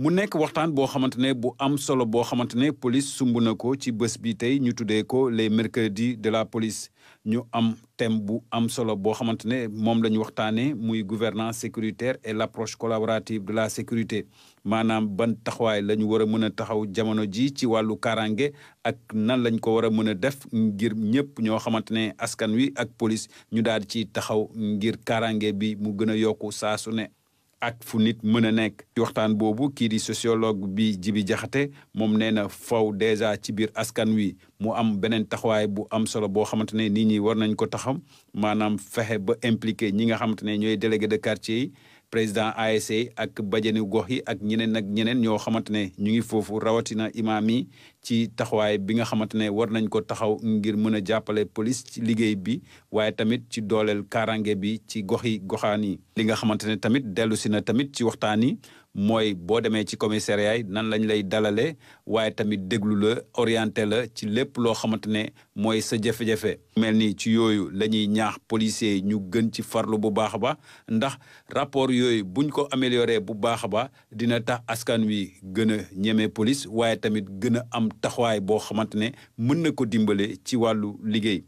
mu nekk waxtaan boo xamante ne bu am solo boo xamante ne police sumb na ko ci bés bi tey ñu tuddee ko les mercredis de la police ñu am thème bu am solo boo xamante ne moom la ñu waxtaanee muy gouvernance sécuritaire et l'approche collaborative de la sécurité maanaam ban taxawaay la ñu war a mën a taxaw jamono ji ci wàllu kaaraange ak nan lañ ko war a mën a def ngir ñëpp ñoo xamante ne askan wi ak police ñu daal ci taxaw ngir kaaraange bi mu gën a yokku saa su ne. ak fu nit mën a nekk ci waxtaan boobu kii di sociologue bi Jibi Jaxate moom nee na faw dèjà ci biir askan wi mu am beneen taxawaay bu am solo boo xamante ne nit ñi war nañ ko taxam maanaam fexe ba impliqué ñi nga xamante ne ñooy délégué de quartier yi président ASC e ak bajenu gox yi ak ñeneen ak ñeneen ñoo xamante ne ñu ngi foofu rawatina imaam yi ci taxawaay bi nga xamante ne war nañ ko taxaw ngir mën a jàppale police ci liggéey bi waaye tamit ci dooleel kaaraange bi ci gox yi goxaan yi. li nga xamante ne tamit dellu si na tamit ci waxtaan yi mooy boo demee ci commissariat yi nan lañu lay dalale waaye tamit déglu la orienté la ci lépp loo xamante ne mooy sa jafe-jafe. mel ni ci yooyu la ñuy ñaax policiers yi ñu gën ci farlu bu baax a baax ndax rapport yooyu buñ ko amélioré bu baax a baax dina tax askan wi gën a ñeme police waaye tamit gën a am taxawaay boo xamante ne mën na ko dimbale ci wàllu liggéey.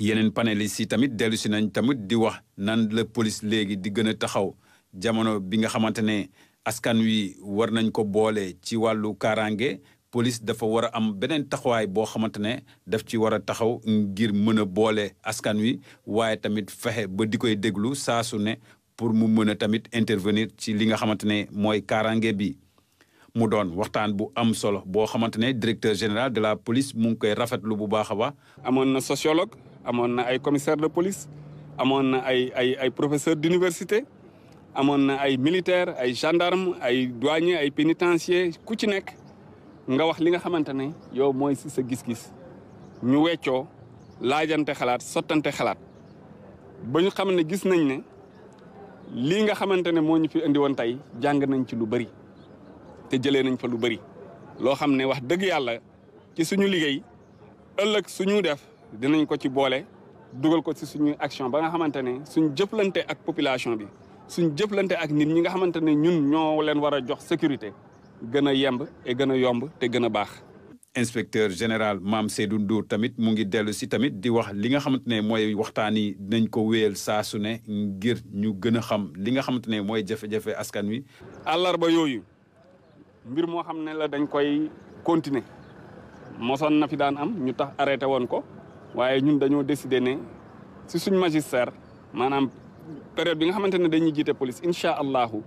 yeneen panélistes yi tamit dellu si nañ tamit di wax nan la police léegi di gën a taxaw jamono bi nga xamante ne. askan wi war nañ ko boole ci wàllu kaaraange police dafa war a am beneen taxawaay boo xamante ne daf ci war a taxaw ngir mën a boole askan wi waaye tamit fexe ba di koy déglu saa su ne pour mu mën a tamit intervenir ci li nga xamante ne mooy kaaraange bi. mu doon waxtaan bu am solo boo xamante ne directeur général de la police mu ngi koy rafetlu bu baax a baax. amoon na sociologue amoon na ay commissaire de police amoon na ay ay ay professeur d'université. amoon na ay militaire ay gendarme ay douanier ay pénitencier ku ci nekk nga wax li nga xamante ne yow mooy si sa gis-gis ñu weccoo laajante xalaat sottante xalaat ba ñu xam ne gis nañ ne lii nga xamante ne moo ñu fi indi woon tey jàng nañ ci lu bëri te jëlee nañ fa lu bari loo xam ne wax dëgg yàlla ci suñu liggéey ëllëg suñu def dinañ ko ci boole dugal ko ci suñu action ba nga xamante ne suñu jëflante ak population bi suñ jëflante ak nit ñi nga xamante ne ñun ñoo leen war a jox sécurité gën a yemb et gën a yomb te gën a baax. inspecteur général Mame Seydou duur tamit mu ngi dellu si tamit di wax li nga xamante ne mooy waxtaan yi dinañ ko wéyal saa su ne ngir ñu gën a xam li nga xamante ne mooy jafe-jafe askan wi. àllarba yooyu mbir moo xam ne la dañ koy continuer mosoon na fi daan am ñu tax arrêté woon ko waaye ñun dañoo décider ne si suñ magistère maanaam période bi nga xamante ne dañuy jiite police incha allahu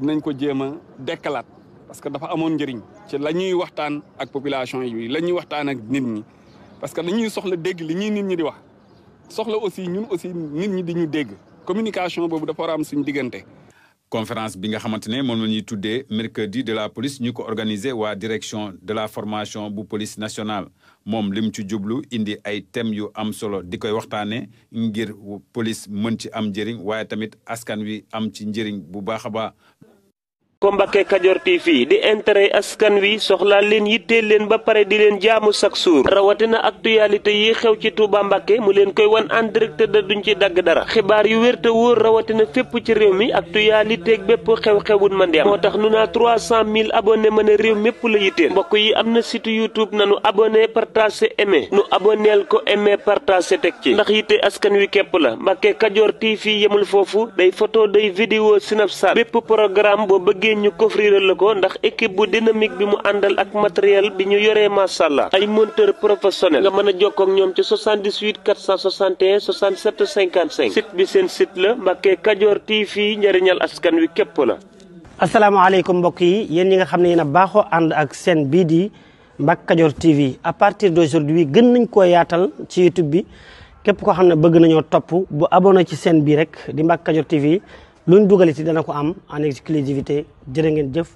dinañ ko jéem a dekkalaat parce que dafa amoon njëriñ ci la ñuy waxtaan ak population yi la ñuy waxtaan ak nit ñi parce que dañuy soxla dégg li ñuy nit ñi di wax soxla aussi ñun aussi nit ñi di ñu dégg communication boobu dafa war a am suñu diggante conférence bi nga xamante ne moom la ñuy tuddee mercredi de la police ñu ko organisé waa direction de la formation bu police nationale moom lim ci jublu indi ay thèmes yu am solo di koy waxtaanee ngir polise mën ci am njëriñ waaye tamit askan wi am ci njëriñ bu baax a baax. ko Mbacke Kadior TV di intérêt askan wi soxlaa leen yittee leen ba pare di leen jaamu chaque ak rawatina actualité yi xew ci Touba Mbacke mu leen koy wan en direct da duñ ci dagg dara xibaar yu wér te wóor rawatina fépp ci réew mi ak actualité ak bépp xew-xewun man di am moo tax nu naa 300000 abonnés mën a réew mépp la yitteel mbokk yi am na site YouTube nanu abonné partagé aimé nu abonneel ko aimé partagé teg ci ndax yitte askan wi képp la Mbacke Kadior TV yemul foofu day bëggee ñu coffriral la ko ndax équipe bu dynamique bi mu àndal ak matériel bi ñu yoree masàllaa ay monteur professionnel nga mën a jokkoo ak ñoom ci 78 461 67 55 site bi seen site la Mbacke Kadior TV njëriñal askan wi képp la asalaamaaleykum mbokk yi yéen ñi nga xam ne yéen a baaxoo ànd ak seen bii di Mbacke Kadior TV à partir d'aujourd'hui gën nañ ko yaatal ci YouTube bi képp koo xam ne bëgg nañoo topp bu abonné ci seen bii rek di Mbacke Kadior TV luñ dugal ci dana ko am en exclusivité jërë ngeen jëf